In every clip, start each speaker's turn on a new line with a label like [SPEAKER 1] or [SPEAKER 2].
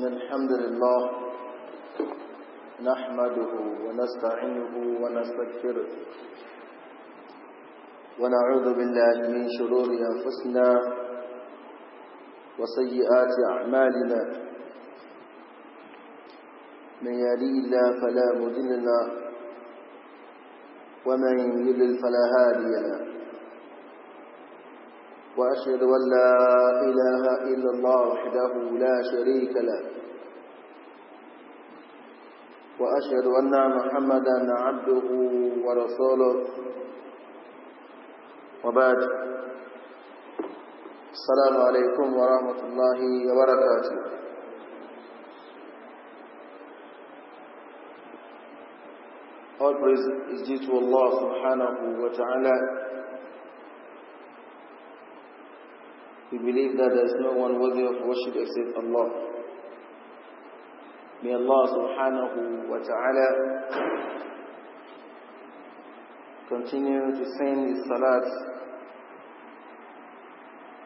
[SPEAKER 1] إن الحمد لله نحمده ونستعينه ونستغفره ونعوذ بالله من شرور أنفسنا وسيئات أعمالنا من يلي الله فلا مدلنا ومن يلل فلا هادي وأشهد أن لا إله إلا الله وحده لا شريك له وأشهد أن محمدا عبده ورسوله وبعد السلام عليكم ورحمة الله وبركاته All praise is due to Allah subhanahu wa ta'ala. We believe that there is no one worthy of worship except Allah. May Allah subhanahu wa ta'ala continue to send his salat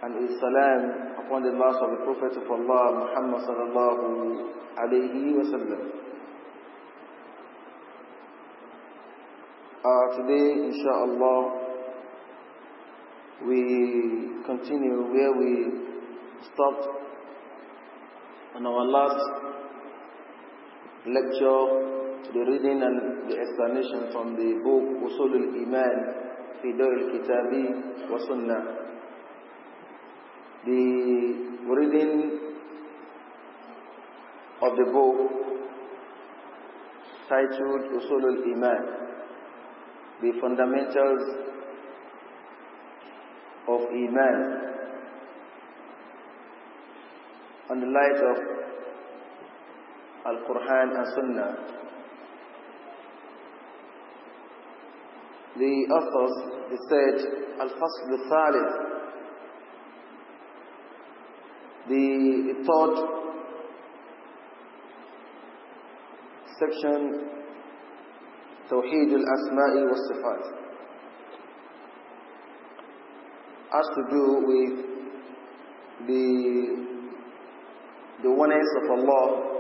[SPEAKER 1] and his salam upon the last of the Prophet of Allah Muhammad sallallahu alayhi wa sallam. Uh, today, inshallah, we continue where we stopped on our last lecture to the reading and the explanation from the book Usulul iman fi kitabi wa Sunnah. The reading of the book titled Usulul iman the fundamentals of Iman, on the light of Al-Quran and Sunnah. The authors they said Al-Fasl al-Thalith, the third section توحيد الأسماء sifat has to do with the the oneness of Allah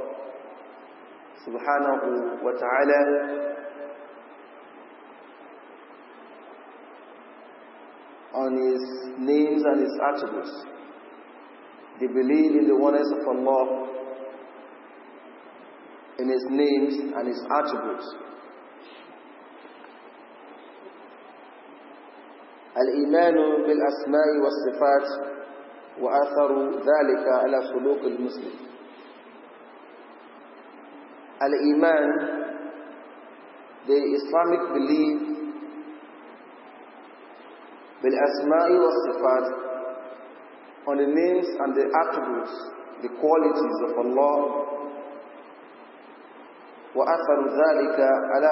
[SPEAKER 1] subhanahu wa ta'ala on His names and His attributes. They believe in the oneness of Allah, in His names and His attributes. الإيمان بالأسماء والصفات وأثر ذلك على سلوك المسلم Al-Iman, the Islamic belief, Bil-Asma'i wa Sifat, on the names and the attributes, the qualities of Allah, وأثر ala على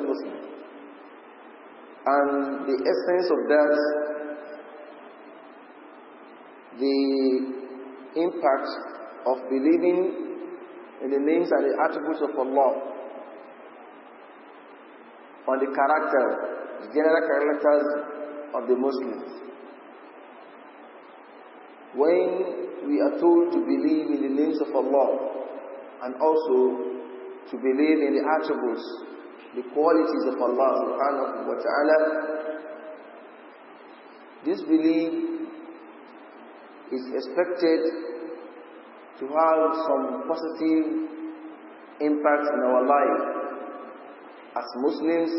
[SPEAKER 1] al-Muslim, and the essence of that the impact of believing in the names and the attributes of Allah, on the character, the general characters of the Muslims. When we are told to believe in the names of Allah and also to believe in the attributes, the qualities of Allah subhanahu wa ta'ala, this belief is expected to have some positive impact in our life as Muslims,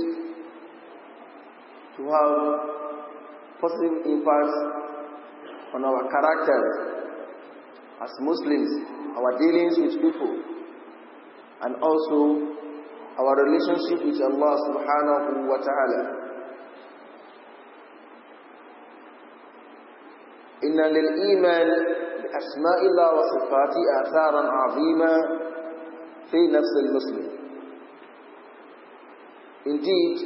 [SPEAKER 1] to have positive impact on our character as Muslims, our dealings with people, and also our relationship with Allah subhanahu wa ta'ala. إن للإيمان أسماء الله وصفاته آثارا عظيمة في نفس المسلم Indeed,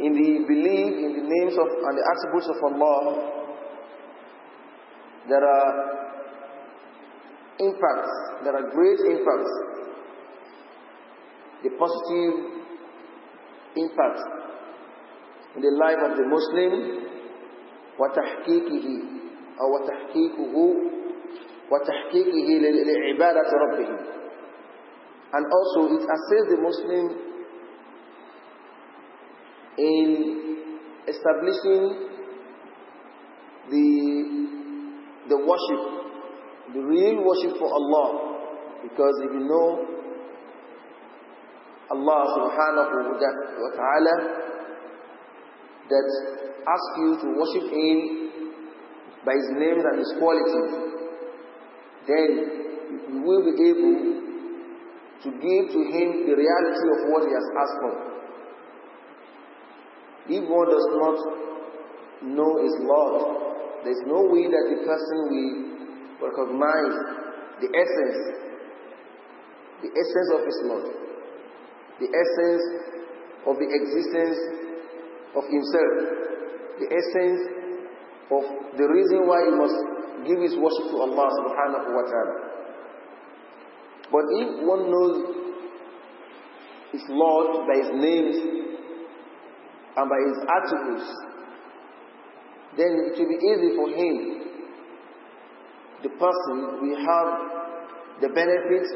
[SPEAKER 1] in the belief in the names of and the attributes of Allah, there are impacts, there are great impacts, the positive impacts in the life of the Muslim, وتحقيقه أو تحقيقه وتحقيقه لعبادة ربه and also it assists the Muslim in establishing the the worship the real worship for Allah because if you know Allah subhanahu wa ta'ala that asks you to worship him by his names and his qualities, then we will be able to give to him the reality of what he has asked for. If one does not know his Lord, there is no way that the person will recognize the essence, the essence of his Lord, the essence of the existence of himself, the essence of the reason why he must give his worship to Allah subhanahu wa ta'ala. But if one knows his Lord by his names and by his attributes, then it will be easy for him, the person will have the benefit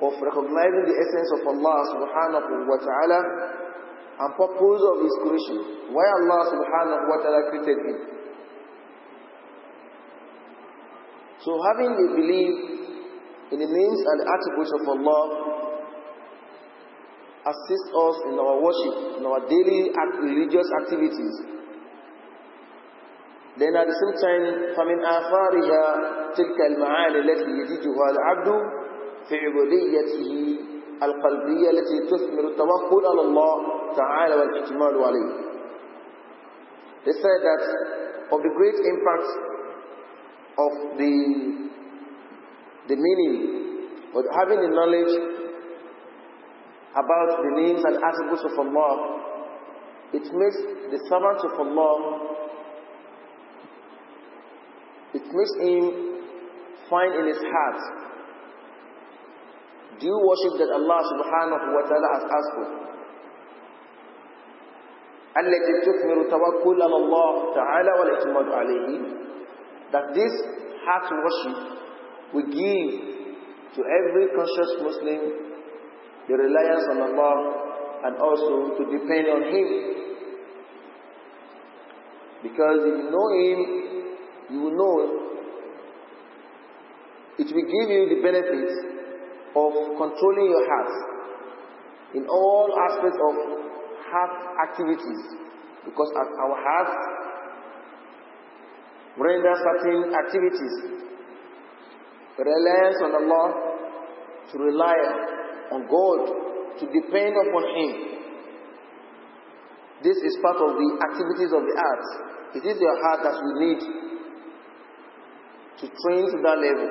[SPEAKER 1] of recognizing the essence of Allah subhanahu wa ta'ala and purpose of his creation. Why Allah subhanahu wa ta'ala created him? So having a belief in the names and the attributes of Allah assists us in our worship, in our daily religious activities. Then at the same time, فَمِنْ آثَارِهَا تِلْكَ الْمَعَانِ الَّتِي يَجِدُهَا الْعَبْدُ فِي عُبُودِيَّتِهِ الْقَلْبِيَّةِ الَّتِي تُثْمِرُ التَّوَكُّلَ عَلَى اللَّهِ تَعَالَى وَالْإِجْمَالُ عَلَيْهِ They said that of the great impact of the, the meaning or having the knowledge about the names and attributes of Allah, it makes the servant of Allah, it makes him find in his heart, do worship that Allah subhanahu wa ta'ala has asked for? التي تثمر توكل على الله تعالى والاعتماد عليه that this heart worship we give to every conscious Muslim the reliance on Allah and also to depend on Him. Because if you know Him, you will know it will give you the benefits of controlling your heart in all aspects of heart activities. Because our heart render certain activities, reliance on Allah, to rely on God, to depend upon Him. This is part of the activities of the heart. It is your heart that we need to train to that level.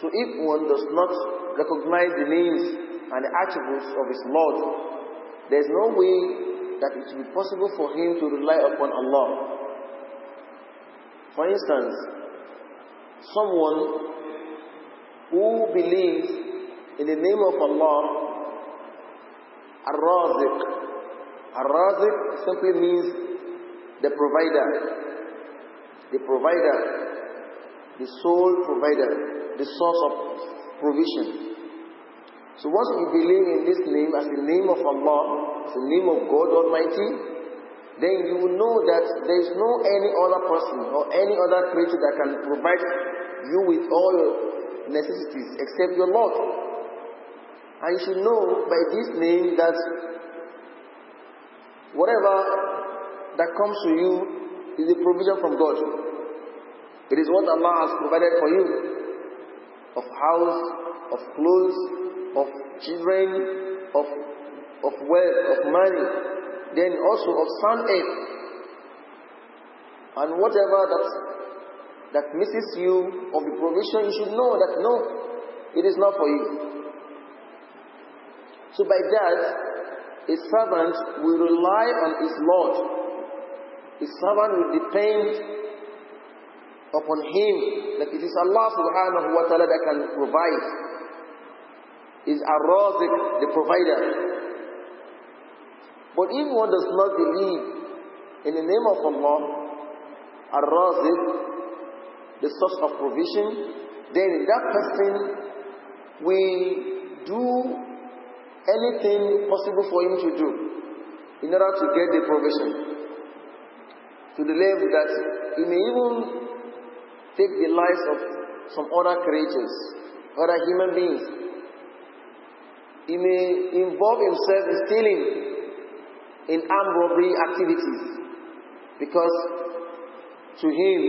[SPEAKER 1] So if one does not recognize the names and the attributes of his Lord, there is no way that it will be possible for him to rely upon Allah for instance, someone who believes in the name of Allah, Ar-Razik. Ar-Razik simply means the provider. The provider. The sole provider. The source of provision. So once we believe in this name as the name of Allah, as the name of God Almighty, then you know that there is no any other person or any other creature that can provide you with all your necessities except your Lord. And you should know by this name that whatever that comes to you is a provision from God. It is what Allah has provided for you of house, of clothes, of children, of, of wealth, of money then also of sunnah And whatever that, that misses you of the provision, you should know that no, it is not for you. So by that, a servant will rely on his Lord. A servant will depend upon him that it is Allah subhanahu wa ta'ala that can provide. Is Ar-Razik, the provider. But if one does not believe in the name of Allah, Ar-Razik, the source of provision, then that person will do anything possible for him to do in order to get the provision. To the level that he may even take the lives of some other creatures, other human beings. He may involve himself in stealing in armed robbery activities because to him,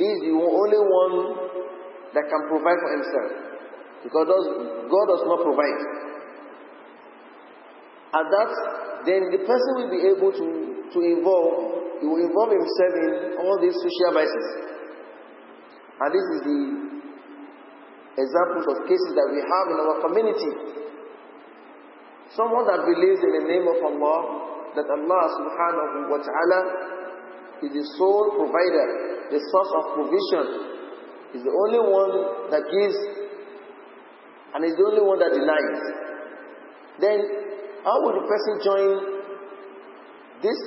[SPEAKER 1] he is the only one that can provide for himself. Because God does not provide. And that, then the person will be able to, to involve, he will involve himself in all these social vices. And this is the examples of cases that we have in our community. Someone that believes in the name of Allah that Allah subhanahu wa ta'ala is the sole provider, the source of provision, is the only one that gives and is the only one that denies. Then how would the person join this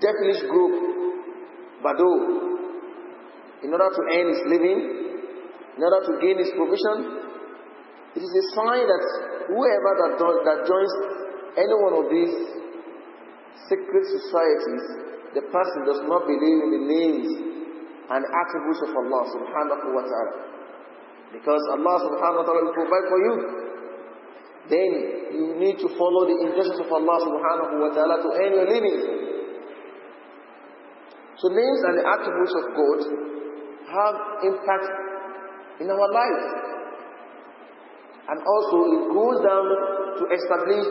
[SPEAKER 1] devilish group, Badu, in order to earn his living, in order to gain his provision? It is a sign that whoever that, does, that joins any one of these secret societies, the person does not believe in the names and attributes of Allah subhanahu wa ta'ala. Because Allah subhanahu wa ta'ala will provide for you. Then you need to follow the injustice of Allah subhanahu wa ta'ala to earn your living. So names and the attributes of God have impact in our lives. And also it goes down to establish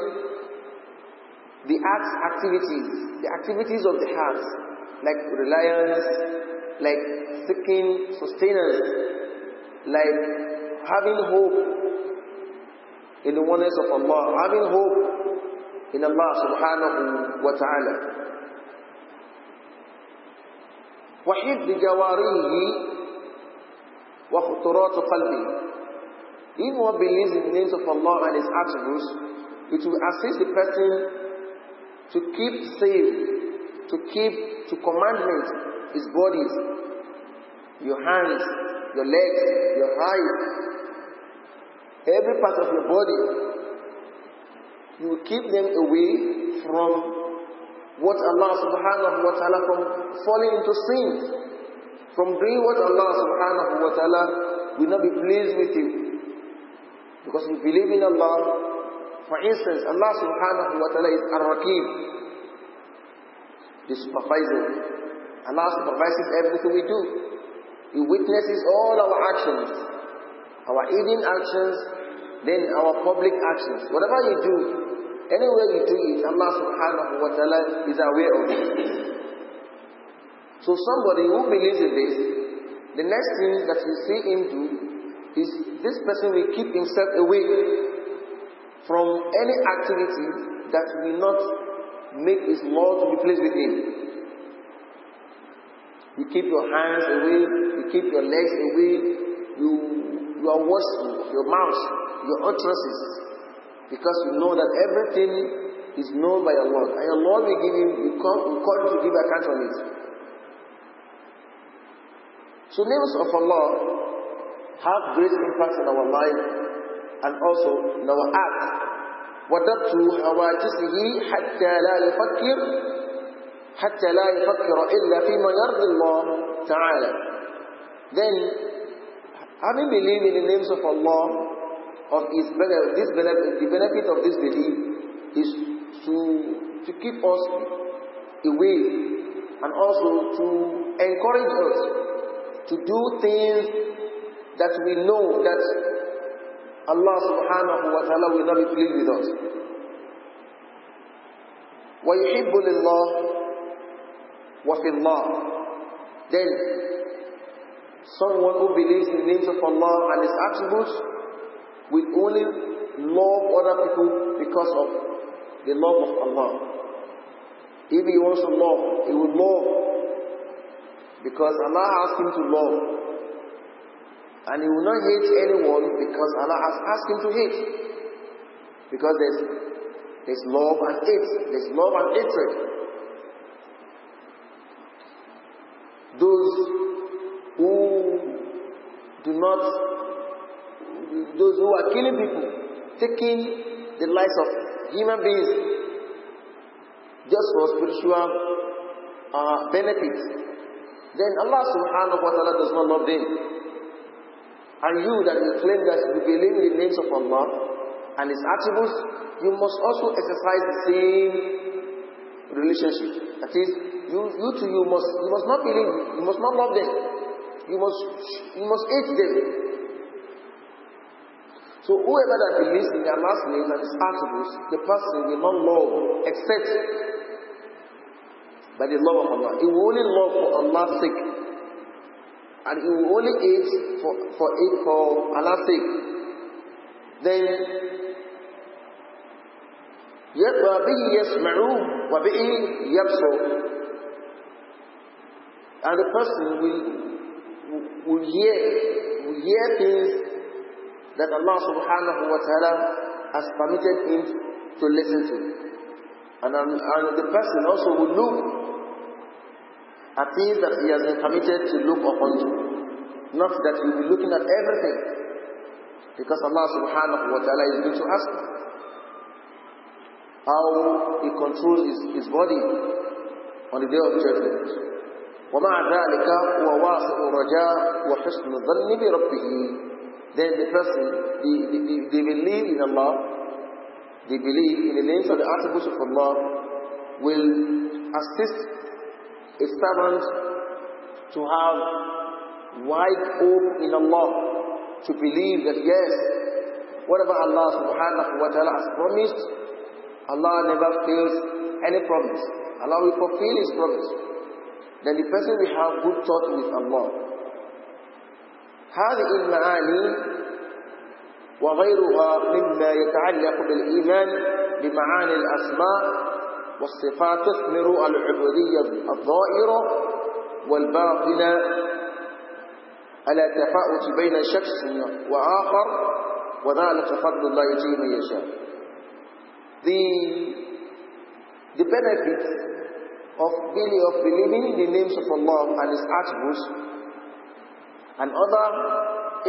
[SPEAKER 1] the acts, activities, the activities of the heart, like reliance, like seeking sustenance, like having hope in the oneness of Allah, having hope in Allah subhanahu wa ta'ala. وحب جواريه وخطرات قلبه If one believes in the names of Allah and His attributes, it will assist the person to keep safe, to keep to commandments his bodies, your hands, your legs, your eyes, every part of your body. You will keep them away from what Allah subhanahu wa ta'ala from falling into sin, from doing what Allah subhanahu wa ta'ala will not be pleased with you. Because you believe in Allah, for instance, Allah subhanahu wa ta'ala is al raqib He supervises. Allah supervises everything we do. He witnesses all our actions. Our eating actions, then our public actions. Whatever you do, anywhere you do it, Allah subhanahu wa ta'ala is aware of it. So somebody who believes in this, the next thing that you see him do is this person will keep himself awake from any activity that will not make his law to be placed with him. You keep your hands away, you keep your legs away, you, you are washing your mouth, your utterances, because you know that everything is known by Allah. And Allah will give you, you call you to give account on it. So names of Allah have great impact on our life and also Nawa'at. وَدَبْتُ هَوَاجِسِهِ حَتَّى لَا يفكر حَتَّى لَا يفكر إِلَّا فِي مَا يَرْضِ اللَّهِ تَعَالَى Then, having believed in the names of Allah, of his benefit, this benefit, the benefit of this belief is to, to keep us away and also to encourage us to do things that we know that Allah subhanahu wa ta'ala will not be pleased with us. وَيُحِبُّ لِلَّهِ وَفِي اللَّهِ Then, someone who believes in the names of Allah and His attributes will only love other people because of the love of Allah. If he wants to love, he will love because Allah asked him to love. And he will not hate anyone because Allah has asked him to hate. Because there's, there's love and hate. There's love and hatred. Those who do not, those who are killing people, taking the lives of human beings just for spiritual uh, benefits, then Allah subhanahu wa ta'ala does not love them. And you that you claim that you believe in the names of Allah and His attributes, you must also exercise the same relationship. That is, you, you too, you must, you must not believe, you must not love them. You must, you must hate them. So whoever that believes in last name and His attributes, the person will not love except by the love of Allah. He will only love for Allah's sake and he will only eat for, for it for Allah's sake. Then yet وَبِهِ being yes. So, And the person will, will hear, will hear things that Allah subhanahu wa ta'ala has permitted him to listen to. And, and the person also will look are things that he has been permitted to look upon you. Not that you'll be looking at everything. Because Allah subhanahu wa ta'ala is going to ask how he controls his, his body on the day of judgment. ومع ذلك هو واسع الرجاء وحسن الظن بربه then the person they, they, they believe in Allah they believe in the names of the attributes of Allah will assist a servant to have wide hope in Allah, to believe that yes, whatever Allah subhanahu wa ta'ala has promised, Allah never fails any promise. Allah will fulfill His promise. Then the person will have good thought with Allah. هذه المعاني وغيرها مما يتعلق بالإيمان بمعاني الأسماء والصفات تثمر العبودية الظاهرة والباطنة على تفاوت بين شخص وآخر وذلك فضل الله يجيه من يشاء the the benefit of believing of believing the names of Allah and His attributes and other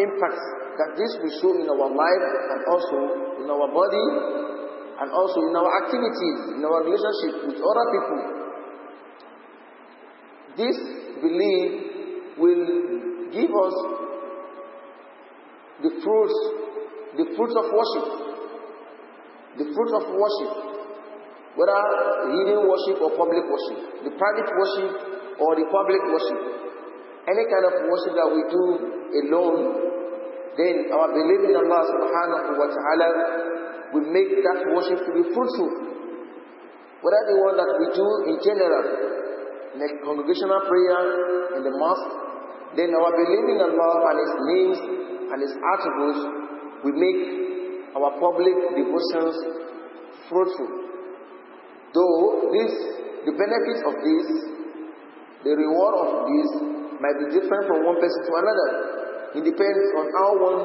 [SPEAKER 1] impacts that this will show in our life and also in our body and also in our activities, in our relationship with other people. This belief will give us the fruits, the fruits of worship, the fruit of worship, whether hidden worship or public worship, the private worship or the public worship, any kind of worship that we do alone, then our belief in Allah subhanahu wa ta'ala we make that worship to be fruitful. Whether the one that we do in general, in the congregational prayer, in the mosque, then our belief in Allah and His names and His attributes we make our public devotions fruitful. Though this, the benefits of this, the reward of this might be different from one person to another. It depends on how one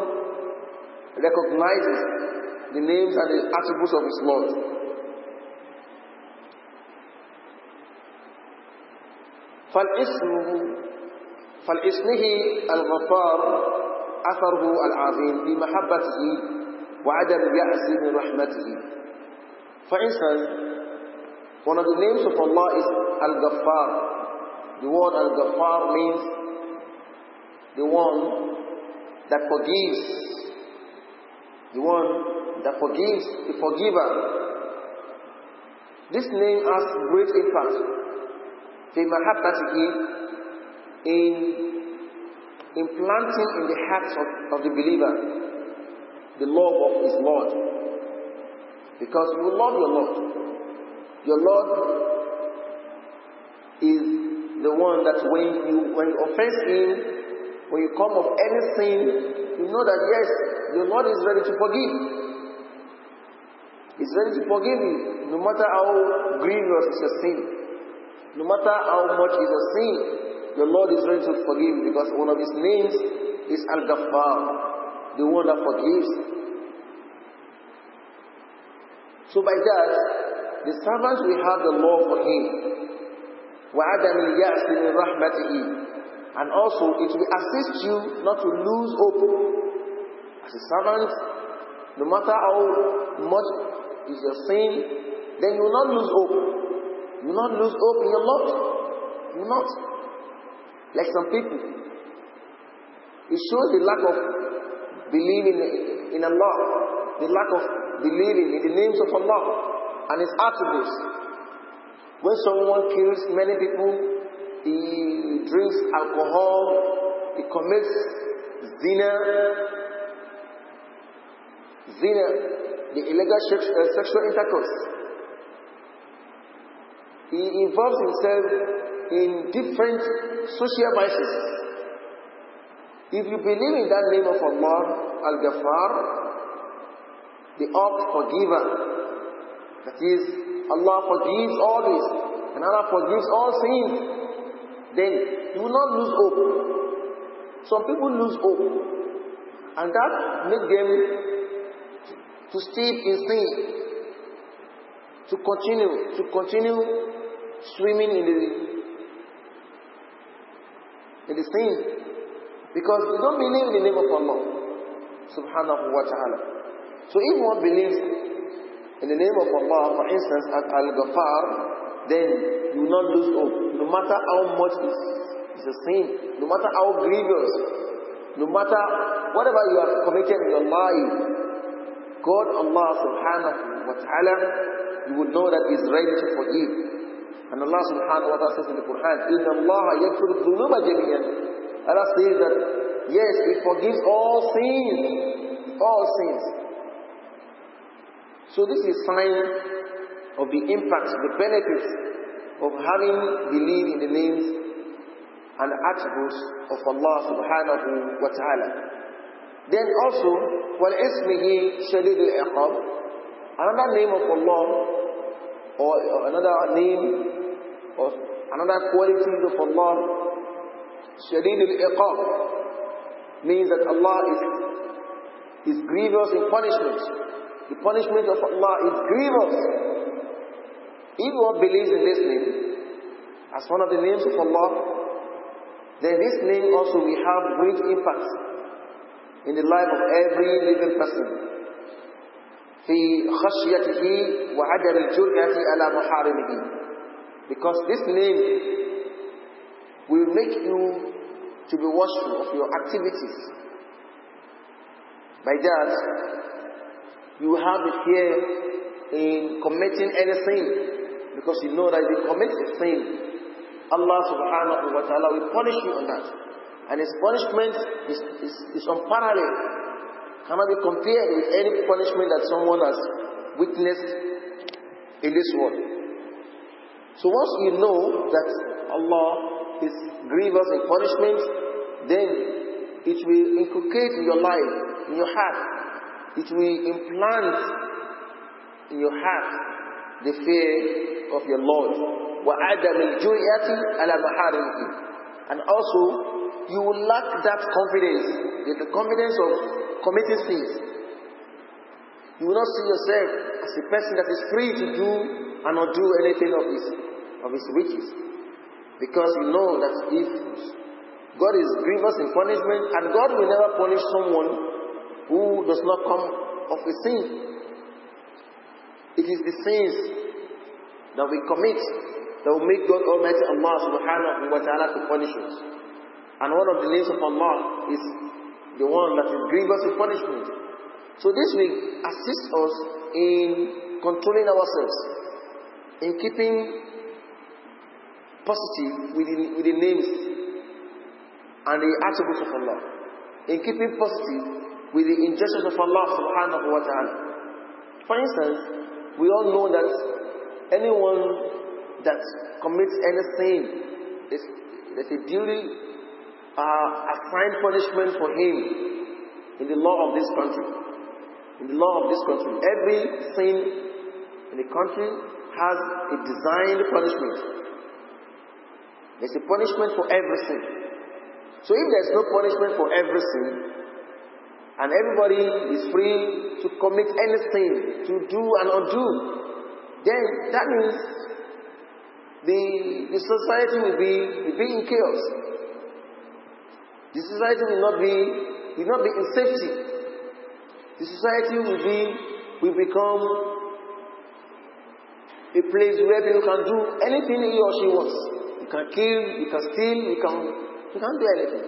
[SPEAKER 1] recognizes the names and the attributes of His Lord. فالاسم فالاسمه الغفار أثره العظيم بمحبته وعدم يأس من رحمته For instance, one of the names of Allah is Al-Ghaffar. The word Al-Ghaffar means the one that forgives the one that forgives, the forgiver. This name has great impact. They that in implanting in the hearts of, of the believer the love of his Lord. Because you love your Lord. Your Lord is the one that when you when you offense him, when you come of any sin, you know that yes, the Lord is ready to forgive. He's ready to forgive you, no matter how grievous is your sin. No matter how much is your sin, the Lord is ready to forgive you because one of His names is Al-Ghaffar, the one that forgives. So by that, the servants will have the law for him. And also, it will assist you not to lose hope as a servant, no matter how much is your sin, then you will not lose hope. You will not lose hope in your Lord. You will not. Like some people. It shows the lack of believing in Allah, the lack of believing in the names of Allah and His attributes. When someone kills many people, he drinks alcohol, he commits zina, Zina, the illegal uh, sexual intercourse. He involves himself in different social vices. If you believe in that name of Allah, Al-Ghaffar, the All-Forgiver, that is, Allah forgives this, and Allah forgives all sins, then you will not lose hope. Some people lose hope, and that makes them to steep in sin, to continue, to continue swimming in the in the sin. Because we don't believe in the name of Allah subhanahu wa ta'ala. So if one believes in the name of Allah, for instance, at Al Ghafar, then you will not lose hope. No matter how much is a sin, no matter how grievous, no matter whatever you have committed in your life, God Allah subhanahu wa ta'ala, you will know that He's ready to forgive. And Allah subhanahu wa ta'ala says in the Quran, إِنَّ اللَّهَ يَكْفِرُ الظُّلُمَ جَمِيعًا Allah says that, yes, He forgives all sins. All sins. So this is sign of the impacts, the benefits of having believed in the names and attributes of Allah subhanahu wa ta'ala. Then also, وَلْإِسْمِهِ شَدِيدُ الْعِقَابِ Another name of Allah, or, another name, or another quality of Allah, شَدِيدُ الْعِقَابِ means that Allah is, is grievous in punishment. The punishment of Allah is grievous. If one believes in this name, as one of the names of Allah, then this name also will have great impact in the life of every living person. في خشيته وعدم الجرأة على محارمه because this name will make you to be watchful of your activities by that you have a fear in committing any sin because you know that if you commit a sin Allah subhanahu wa ta'ala will punish you on that and his punishment is, is, is unparalleled, cannot be compared with any punishment that someone has witnessed in this world. So once you know that Allah is grievous in punishment, then it will inculcate in your life, in your heart, it will implant in your heart the fear of your Lord. وَعَدَمِ الْجُرِيَةِ عَلَى مَحَارِمِهِ And also you will lack that confidence, the confidence of committing sins. You will not see yourself as a person that is free to do and not do anything of his, of his riches. Because you know that if God is grievous in punishment, and God will never punish someone who does not come of a sin. It is the sins that we commit that will make God Almighty Allah subhanahu wa ta'ala to punish us. And one of the names of Allah is the one that is grievous in punishment. So this will assist us in controlling ourselves, in keeping positive with the, with the names and the attributes of Allah, in keeping positive with the injunctions of Allah subhanahu wa ta'ala. For instance, we all know that anyone that commits any sin, there's a duty uh, assigned punishment for him in the law of this country. In the law of this country, every sin in the country has a designed punishment. There's a punishment for every sin. So if there's no punishment for every sin, and everybody is free to commit anything, to do and undo, then that means the, the society will be, will be in chaos. The society will not be will not be in safety. The society will be will become a place where people can do anything he or she wants. You can kill, you can steal, you can you can do anything.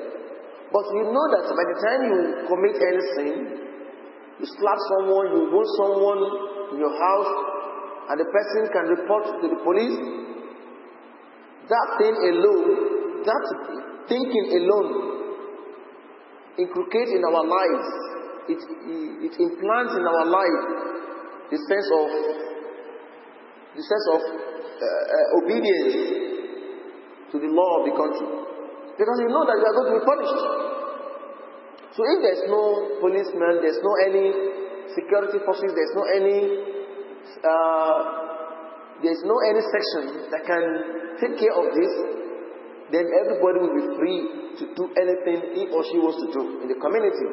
[SPEAKER 1] But you know that by the time you commit any sin, you slap someone, you wound someone in your house, and the person can report to the police. That thing alone, that thinking alone inculcates in our lives, it, it implants in our life the sense of the sense of uh, uh, obedience to the law of the country. Because you know that you are going to be punished. So if there's no policeman, there's no any security forces, there's no any uh, there's no any section that can take care of this, then everybody will be free to do anything he or she wants to do in the community.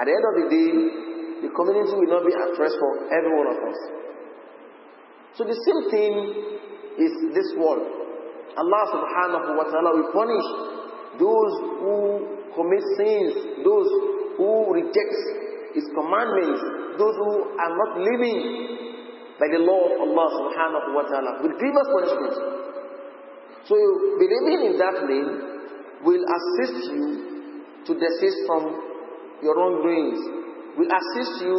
[SPEAKER 1] At the end of the day, the community will not be at rest for every one of us. So the same thing is this world. Allah subhanahu wa ta'ala will punish those who commit sins, those who reject His commandments, those who are not living by the law of Allah subhanahu wa ta'ala with grievous punishment. So believing in that name will assist you to desist from your wrongdoings, will assist you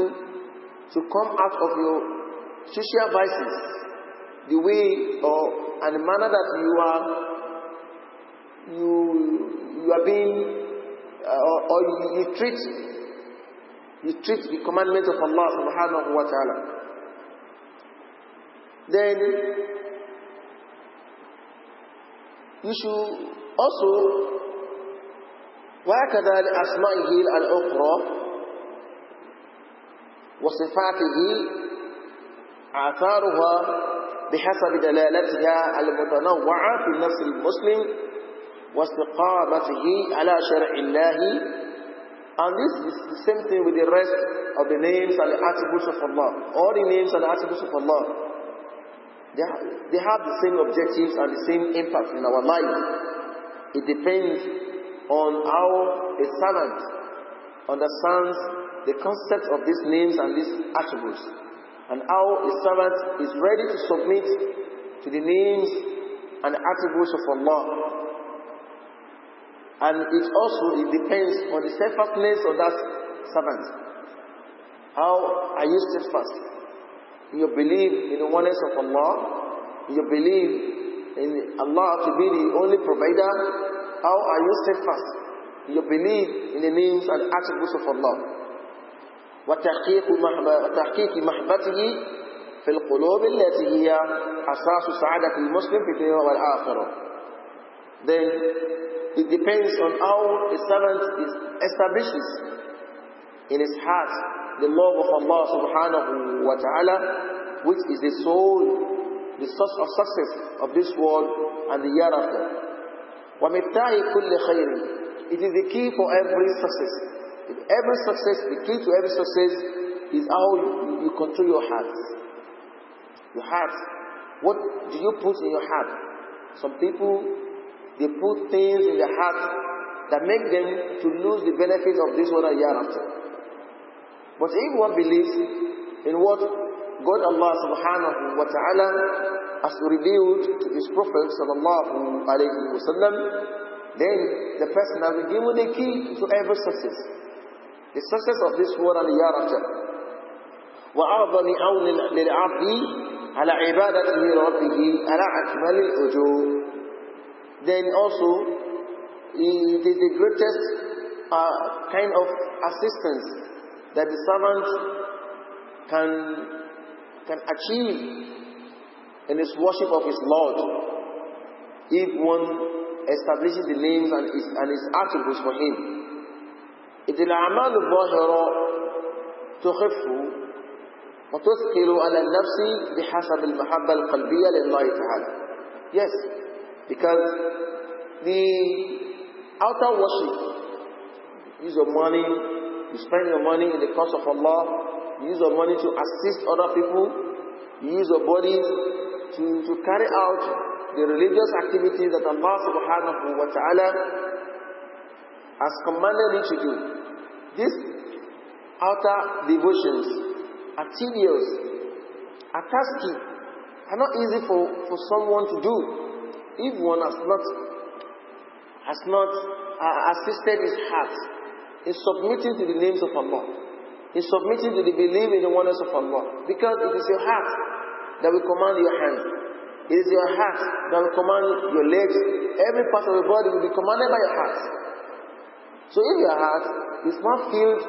[SPEAKER 1] to come out of your social vices, the way or and the manner that you are you you are being uh, or, or you, you treat you treat the commandment of Allah subhanahu wa ta'ala. Then you should also وهكذا لأسمائه الأخرى وصفاته آثارها بحسب دلالتها المتنوعة في نفس المسلم واستقامته على شرع الله and this is the same thing with the rest of the names and the attributes of Allah all the names and the attributes of Allah They have, they have the same objectives and the same impact in our life. It depends on how a servant understands the concept of these names and these attributes, and how a servant is ready to submit to the names and attributes of Allah. And it also it depends on the steadfastness of that servant. How are you steadfast? your belief in the oneness of Allah, your belief in Allah to be the only provider, how are you steadfast? Your belief in the names and attributes of Allah. وتحقيق محبته في القلوب التي هي أساس سعادة المسلم في الدنيا والآخرة. Then it depends on how a servant is establishes in his heart the love of Allah subhanahu wa ta'ala, which is the soul, the source of success of this world and the hereafter. وَمِفْتَاحِ كُلِّ خَيْرٍ It is the key for every success. every success, the key to every success is how you, you control your heart. Your heart. What do you put in your heart? Some people, they put things in their heart that make them to lose the benefits of this world and hereafter. But if one believes in what God Allah subhanahu wa ta'ala has revealed to his Prophet sallallahu alayhi wa sallam, then the person has been given a key to every success. The success of this world and the hereafter. أَوْنِ لِلْعَبْدِ عَلَى رَبِّهِ عَلَى أَكْمَلِ Then also, it is the greatest uh, kind of assistance that the servant can, can achieve in his worship of his Lord if one establishes the names and his, and his attributes for him. إذ الأعمال الظاهرة تخف وتثقل على النفس بحسب المحبة القلبية لله تعالى. Yes, because the outer worship, use of money, you spend your money in the cause of Allah. You use your money to assist other people. You use your body to, to carry out the religious activities that Allah subhanahu wa ta'ala has commanded you to do. These outer devotions are tedious, are tasky, are not easy for, for someone to do if one has not has not uh, assisted his heart is submitting to the names of Allah. Is submitting to the belief in the oneness of Allah. Because it is your heart that will command your hands. It is your heart that will command your legs. Every part of your body will be commanded by your heart. So if your heart is not filled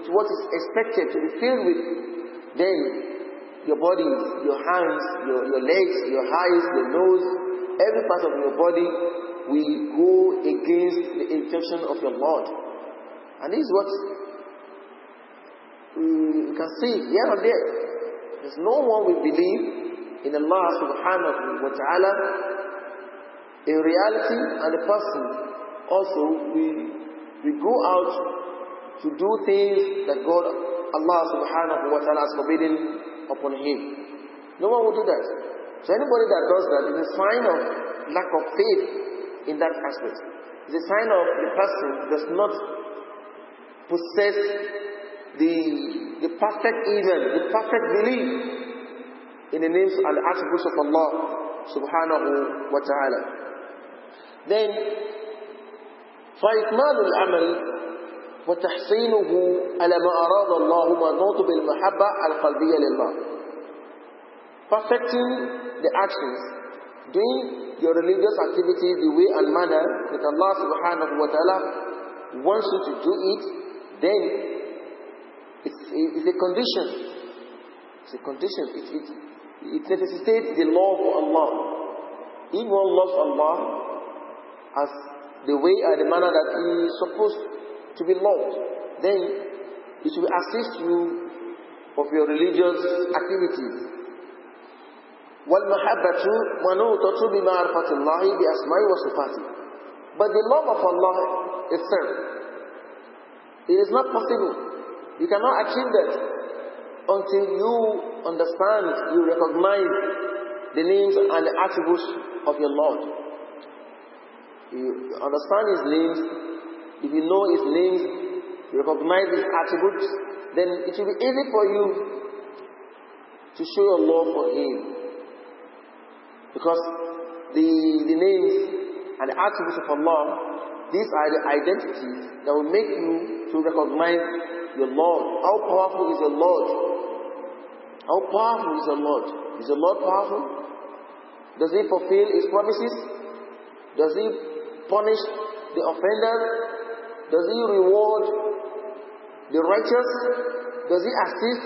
[SPEAKER 1] with what is expected to be filled with, then your body, your hands, your, your legs, your eyes, your nose, every part of your body will go against the intention of your Lord. And this is what we can see here and there. There's no one will believe in Allah subhanahu wa ta'ala in reality and the person also we we go out to do things that God Allah subhanahu wa ta'ala has forbidden upon him. No one will do that. So anybody that does that is a sign of lack of faith in that aspect. It's a sign of the person does not possess the, the perfect iman, the perfect belief in the names and attributes of Allah subhanahu wa ta'ala. Then, فإكمال العمل وَتَحْسِينُهُ على ما أراد الله مرضاة بالمحبة القلبية لله. Perfecting the actions, doing your religious activities the way and manner that Allah subhanahu wa ta'ala wants you to do it then it's, it's a condition. It's a condition. It, it, it necessitates the law of Allah. If one loves Allah as the way and the manner that He is supposed to be loved, then it will assist you of your religious activities. But the love of Allah itself it is not possible. You cannot achieve that until you understand, you recognize the names and the attributes of your Lord. You understand His names, if you know His names, you recognize His attributes, then it will be easy for you to show your love for Him. Because the, the names and the attributes of Allah these are the identities that will make you to recognize your Lord. How powerful is your Lord? How powerful is your Lord? Is your Lord powerful? Does he fulfill his promises? Does he punish the offender? Does he reward the righteous? Does he assist?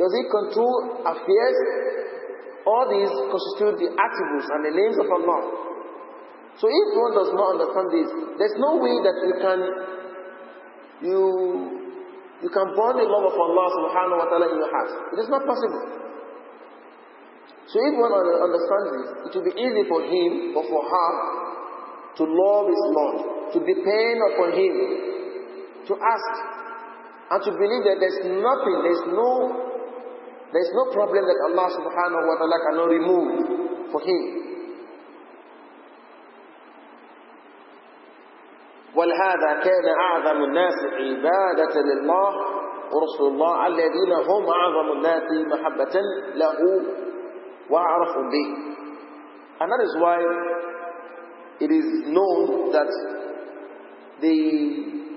[SPEAKER 1] Does he control affairs? All these constitute the attributes and the names of Allah. So if one does not understand this, there's no way that you can you you can burn the love of Allah subhanahu wa ta'ala in your heart. It is not possible. So if one understands this, it will be easy for him or for her to love his Lord, to depend upon him, to ask, and to believe that there's nothing, there's no there's no problem that Allah subhanahu wa ta'ala cannot remove for him. ولهذا كان أعظم الناس عبادة لله ورسول الله الذين هم أعظم الناس محبة له وأعرف به And that is why it is known that the,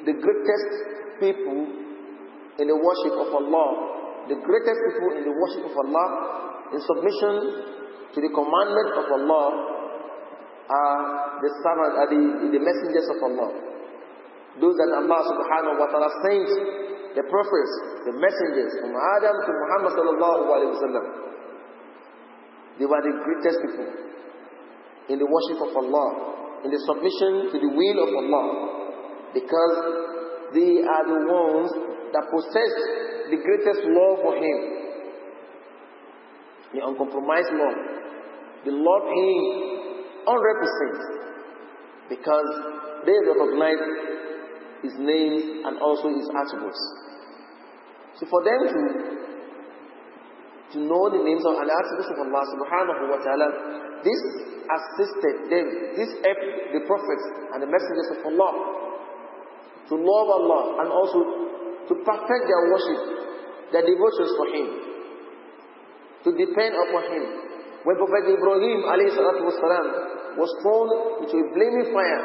[SPEAKER 1] the greatest people in the worship of Allah, the greatest people in the worship of Allah, in submission to the commandment of Allah, are the servants, are the, the messengers of Allah. Those that Allah subhanahu wa ta'ala sent, the prophets, the messengers, from Adam to Muhammad sallallahu alayhi wa sallam. They were the greatest people in the worship of Allah, in the submission to the will of Allah, because they are the ones that possess the greatest love for Him, the uncompromised love. the love Him 100% because they recognize his names, and also his attributes. So for them to, to know the names and attributes of Allah subhanahu wa ta'ala, this assisted them, this helped the prophets and the messengers of Allah to love Allah and also to perfect their worship, their devotions for Him, to depend upon Him. When Prophet Ibrahim والسلام, was thrown into a flaming fire,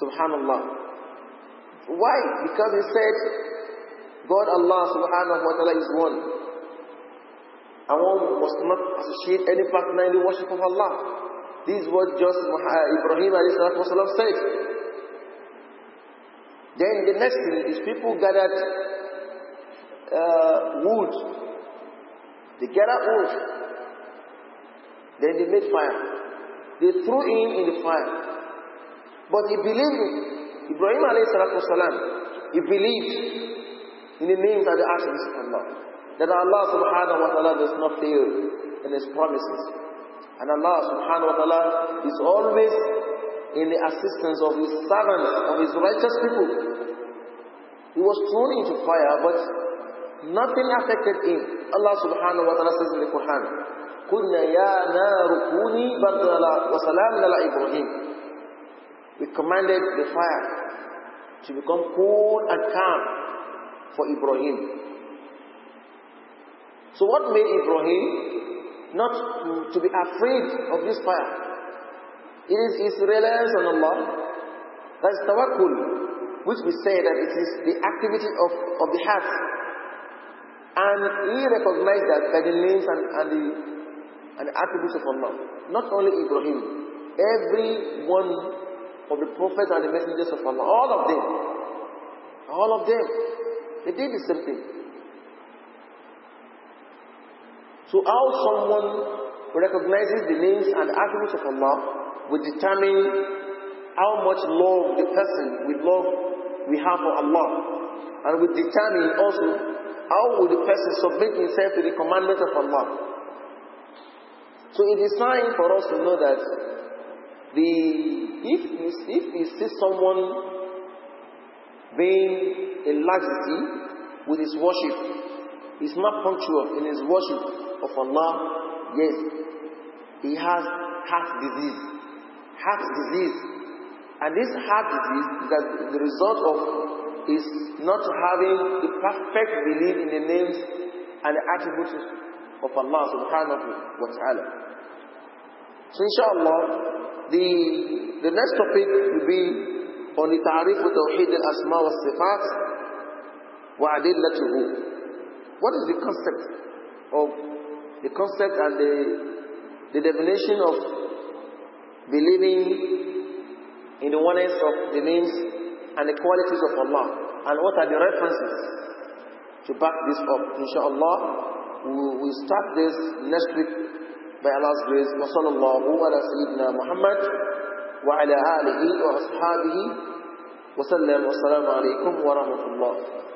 [SPEAKER 1] Subhanallah. Why? Because he said, God Allah subhanahu wa ta'ala is one. And one must not associate any partner in the worship of Allah. These is just Ibrahim والسلام, said. Then the next thing is people gathered uh, wood. They gathered wood. Then they made fire. They threw in in the fire. But he believed it. Ibrahim والسلام, he believed in the name that the action of Allah. That Allah subhanahu wa ta'ala does not fail in his promises. And Allah subhanahu wa ta'ala is always in the assistance of his servants, of his righteous people. He was thrown into fire, but nothing affected him. Allah subhanahu wa ta'ala says in the Quran, قُلْنَا يَا نَارُ كُونِي بَرْدَلَا وَسَلَامْ لَلَا إِبْرَهِيمُ we commanded the fire to become cool and calm for Ibrahim. So, what made Ibrahim not to be afraid of this fire? It is his reliance on Allah. That's tawakkul, which we say that it is the activity of, of the heart. And he recognized that by the names and, and the and attributes of Allah. Not only Ibrahim, everyone of the prophets and the messengers of Allah. All of them. All of them. They did the same thing. So how someone recognizes the names and attributes of Allah will determine how much love the person will love we have for Allah. And will determine also how will the person submit himself to the commandment of Allah. So it is time for us to know that the, if, you, if you see someone being a laxity with his worship, he's not punctual in his worship of Allah, yes, he has heart disease. Heart disease. And this heart disease is the result of is not having the perfect belief in the names and the attributes of Allah subhanahu wa ta'ala. So inshallah, the, the next topic will be on the ta'rif of Tawheed al-Asma wa Sifat wa Adillatuhu. What is the concept of the concept and the, the definition of believing in the oneness of the names and the qualities of Allah and what are the references to back this up. InshaAllah, we will start this next week by Allah's grace, wa sallallahu ala sayyidina Muhammad wa ala alihi wa ashabihi wa sallam wa assalamu alaikum wa rahmatullah.